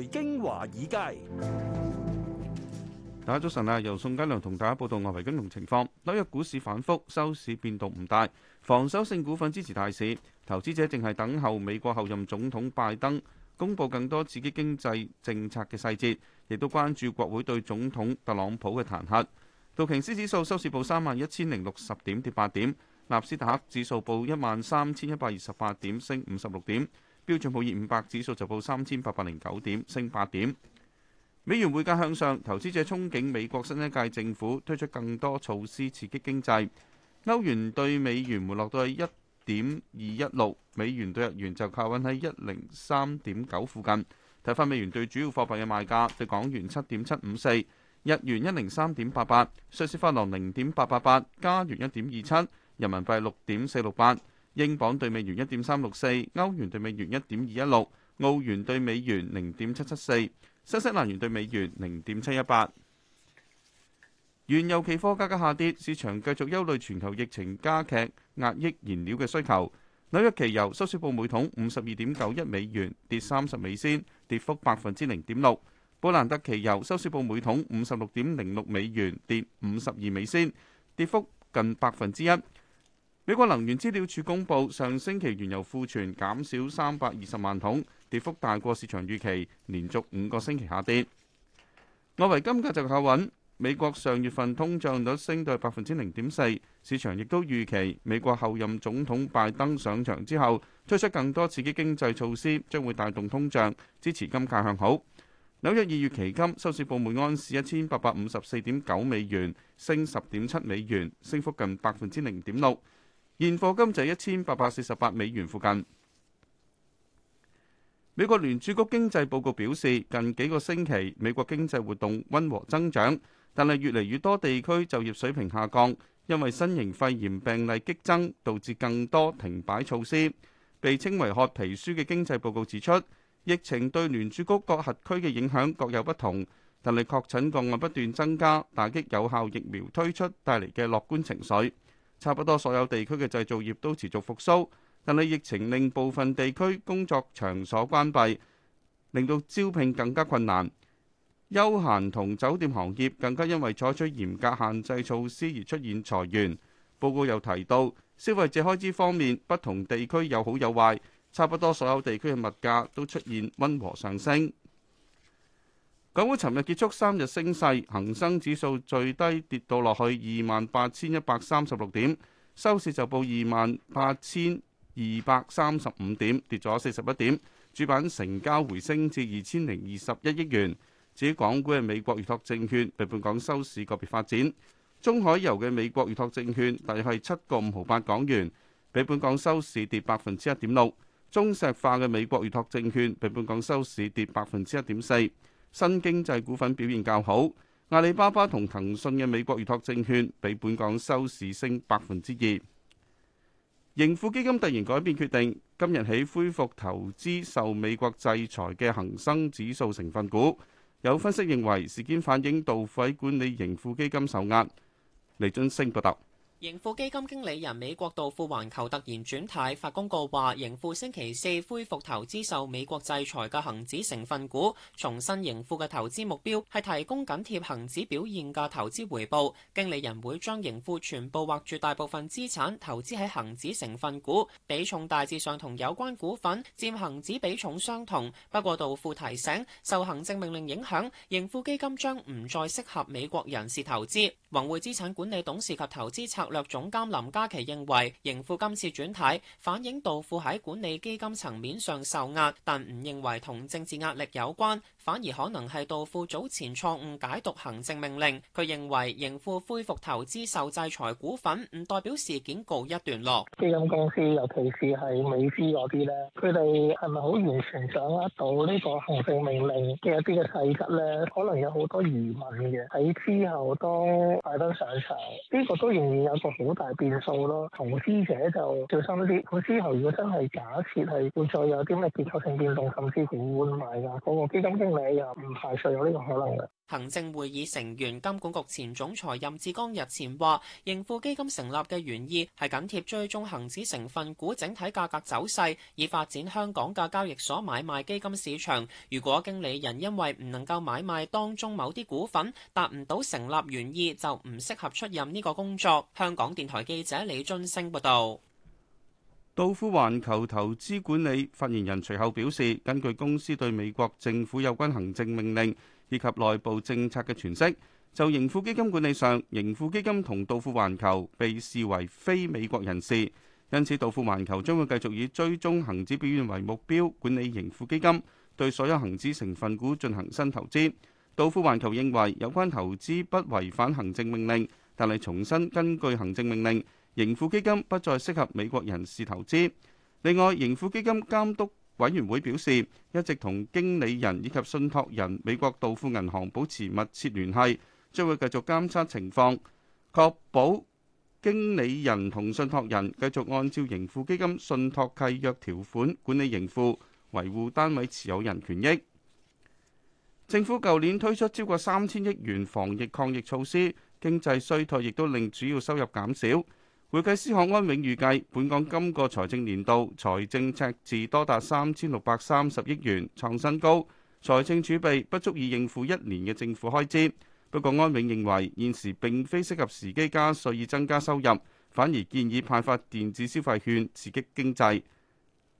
財經華爾街，大家早晨啊！由宋嘉良同大家報道外圍金融情況。紐約股市反覆，收市變動唔大，防守性股份支持大市。投資者淨係等候美國後任總統拜登公布更多刺激經濟政策嘅細節，亦都關注國會對總統特朗普嘅彈劾。道瓊斯指數收市報三萬一千零六十點，跌八點；納斯達克指數報一萬三千一百二十八點，升五十六點。標準普爾五百指數就報三千八百零九點，升八點。美元匯價向上，投資者憧憬美國新一屆政府推出更多措施刺激經濟。歐元對美元回落到去一點二一六，美元對日元就靠穩喺一零三點九附近。睇翻美元對主要貨幣嘅賣價，對港元七點七五四，日元一零三點八八，瑞士法郎零點八八八，加元一點二七，人民幣六點四六八。英鎊兌美元一點三六四，歐元兌美元一點二一六，澳元兌美元零點七七四，新西蘭元兌美元零點七一八。原油期貨價格下跌，市場繼續憂慮全球疫情加劇壓抑燃料嘅需求。紐約期油收市報每桶五十二點九一美元，跌三十美仙，跌幅百分之零點六。布蘭特期油收市報每桶五十六點零六美元，跌五十二美仙，跌幅近百分之一。美國能源資料處公布，上星期原油庫存減少三百二十萬桶，跌幅大過市場預期，連續五個星期下跌。外圍金價就靠穩，美國上月份通脹率升到百分之零點四，市場亦都預期美國候任總統拜登上場之後推出更多刺激經濟措施，將會帶動通脹，支持金價向好。紐約二月期金收市報每安士一千八百五十四點九美元，升十點七美元，升幅近百分之零點六。現貨金就一千八百四十八美元附近。美國聯儲局經濟報告表示，近幾個星期美國經濟活動溫和增長，但係越嚟越多地區就業水平下降，因為新型肺炎病例激增，導致更多停擺措施。被稱為褐皮書嘅經濟報告指出，疫情對聯儲局各轄區嘅影響各有不同，但係確診個案不斷增加，打擊有效疫苗推出帶嚟嘅樂觀情緒。差不多所有地區嘅製造業都持續復甦，但係疫情令部分地區工作場所關閉，令到招聘更加困難。休閒同酒店行業更加因為採取嚴格限制措施而出現裁員。報告又提到，消費者開支方面，不同地區有好有壞。差不多所有地區嘅物價都出現溫和上升。港股尋日結束三日升勢，恒生指數最低跌到落去二萬八千一百三十六點，收市就報二萬八千二百三十五點，跌咗四十一點。主板成交回升至二千零二十一億元。至於港股嘅美國預託證券，被本港收市個別發展。中海油嘅美國預託證券大約係七個五毫八港元，比本港收市跌百分之一點六。中石化嘅美國預託證券比本港收市跌百分之一點四。新經濟股份表現較好，阿里巴巴同騰訊嘅美國預託證券比本港收市升百分之二。盈富基金突然改變決定，今日起恢復投資受美國制裁嘅恒生指數成分股。有分析認為，事件反映道富管理盈富基金受壓。李津升報道。盈富基金經理人美國道富環球突然轉態，發公告話盈富星期四恢復投資受美國制裁嘅恒指成分股，重申盈富嘅投資目標係提供緊貼恒指表現嘅投資回報。經理人會將盈富全部或絕大部分資產投資喺恒指成分股，比重大致上同有關股份佔恒指比重相同。不過道富提醒，受行政命令影響，盈富基金將唔再適合美國人士投資。宏匯資產管理董事及投資策律總監林嘉琪，認為盈富今次轉體反映道富喺管理基金層面上受壓，但唔認為同政治壓力有關，反而可能係道富早前錯誤解讀行政命令。佢認為盈富恢復投資受制裁股份唔代表事件告一段落。基金公司尤其是係美資嗰啲咧，佢哋係咪好完全掌握到呢個行政命令嘅一啲嘅細則呢？可能有好多疑問嘅喺之後都擺得上場，呢個都仍然有。個好大變數咯，投資者就小心啲。佢之後如果真係假設係會再有啲咩結構性變動，甚至乎換賣㗎，嗰個基金經理又唔排除有呢個可能嘅。行政會議成員、金管局前總裁任志剛日前話：盈富基金成立嘅原意係緊貼追蹤恆指成分股整體價格走勢，以發展香港嘅交易所買賣基金市場。如果經理人因為唔能夠買賣當中某啲股份，達唔到成立原意，就唔適合出任呢個工作。香港電台記者李津升報導。道富環球投資管理發言人隨後表示：根據公司對美國政府有關行政命令，以及內部政策嘅詮釋就盈富基金管理上，盈富基金同道富環球被視為非美國人士，因此道富環球將會繼續以追蹤恆指表現為目標管理盈富基金，對所有恆指成分股進行新投資。道富環球認為有關投資不違反行政命令，但係重新根據行政命令，盈富基金不再適合美國人士投資。另外，盈富基金監督。委員會表示，一直同經理人以及信託人美國道富銀行保持密切聯繫，將會繼續監測情況，確保經理人同信託人繼續按照盈富基金信託契約條款管理盈富，維護單位持有人權益。政府舊年推出超過三千億元防疫抗疫措施，經濟衰退亦都令主要收入減少。會計師行安永預計，本港今個財政年度財政赤字多達三千六百三十億元，創新高。財政儲備不足以應付一年嘅政府開支。不過，安永認為現時並非適合時機加稅以增加收入，反而建議派發電子消費券刺激經濟。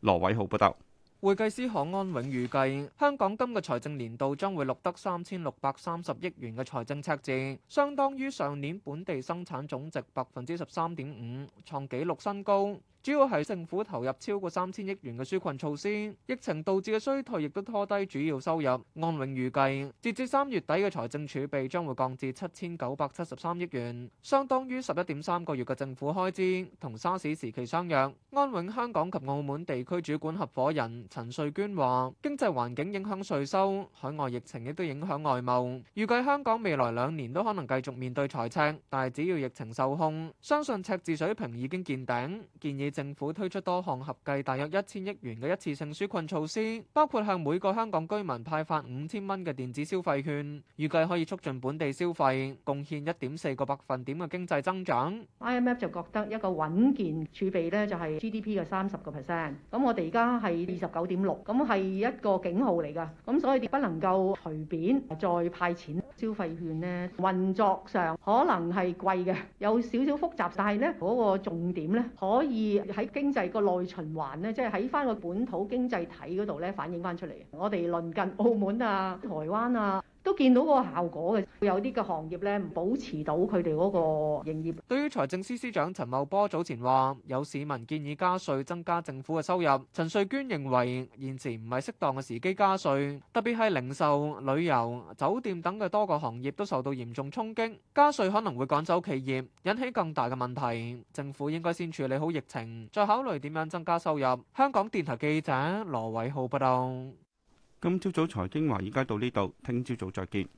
羅偉浩報道。會計師行安永預計，香港今個財政年度將會錄得三千六百三十億元嘅財政赤字，相當於上年本地生產總值百分之十三點五，創紀錄新高。主要係政府投入超過三千億元嘅紓困措施，疫情導致嘅衰退亦都拖低主要收入。安永預計，截至三月底嘅財政儲備將會降至七千九百七十三億元，相當於十一點三個月嘅政府開支，同沙士時期相若。安永香港及澳門地區主管合伙人陳瑞娟話：經濟環境影響稅收，海外疫情亦都影響外貿。預計香港未來兩年都可能繼續面對財赤，但係只要疫情受控，相信赤字水平已經見頂。建議。政府推出多項合計大約一千億元嘅一次性紓困措施，包括向每個香港居民派發五千蚊嘅電子消費券，預計可以促進本地消費，貢獻一點四個百分點嘅經濟增長。IMF 就覺得一個穩健儲備咧，就係 GDP 嘅三十個 percent。咁我哋而家係二十九點六，咁係一個警號嚟噶。咁所以不能夠隨便再派錢消費券咧，運作上可能係貴嘅，有少少複雜，但係咧嗰個重點咧可以。喺經濟個內循環咧，即係喺返個本土經濟體嗰度咧反映返出嚟。我哋鄰近澳門啊、台灣啊，都見到嗰個效果嘅，有啲嘅行業咧唔保持到佢哋嗰個營業。對於財政司司長陳茂波早前話有市民建議加稅增加政府嘅收入，陳瑞娟認為現時唔係適當嘅時機加稅，特別係零售、旅遊、酒店等嘅多個行業都受到嚴重衝擊，加稅可能會趕走企業，引起更大嘅問題。政府應該先處理好疫情，再考慮點樣增加收入。香港電台記者羅偉浩報道。今朝早財經華爾街到呢度，聽朝早，早再見。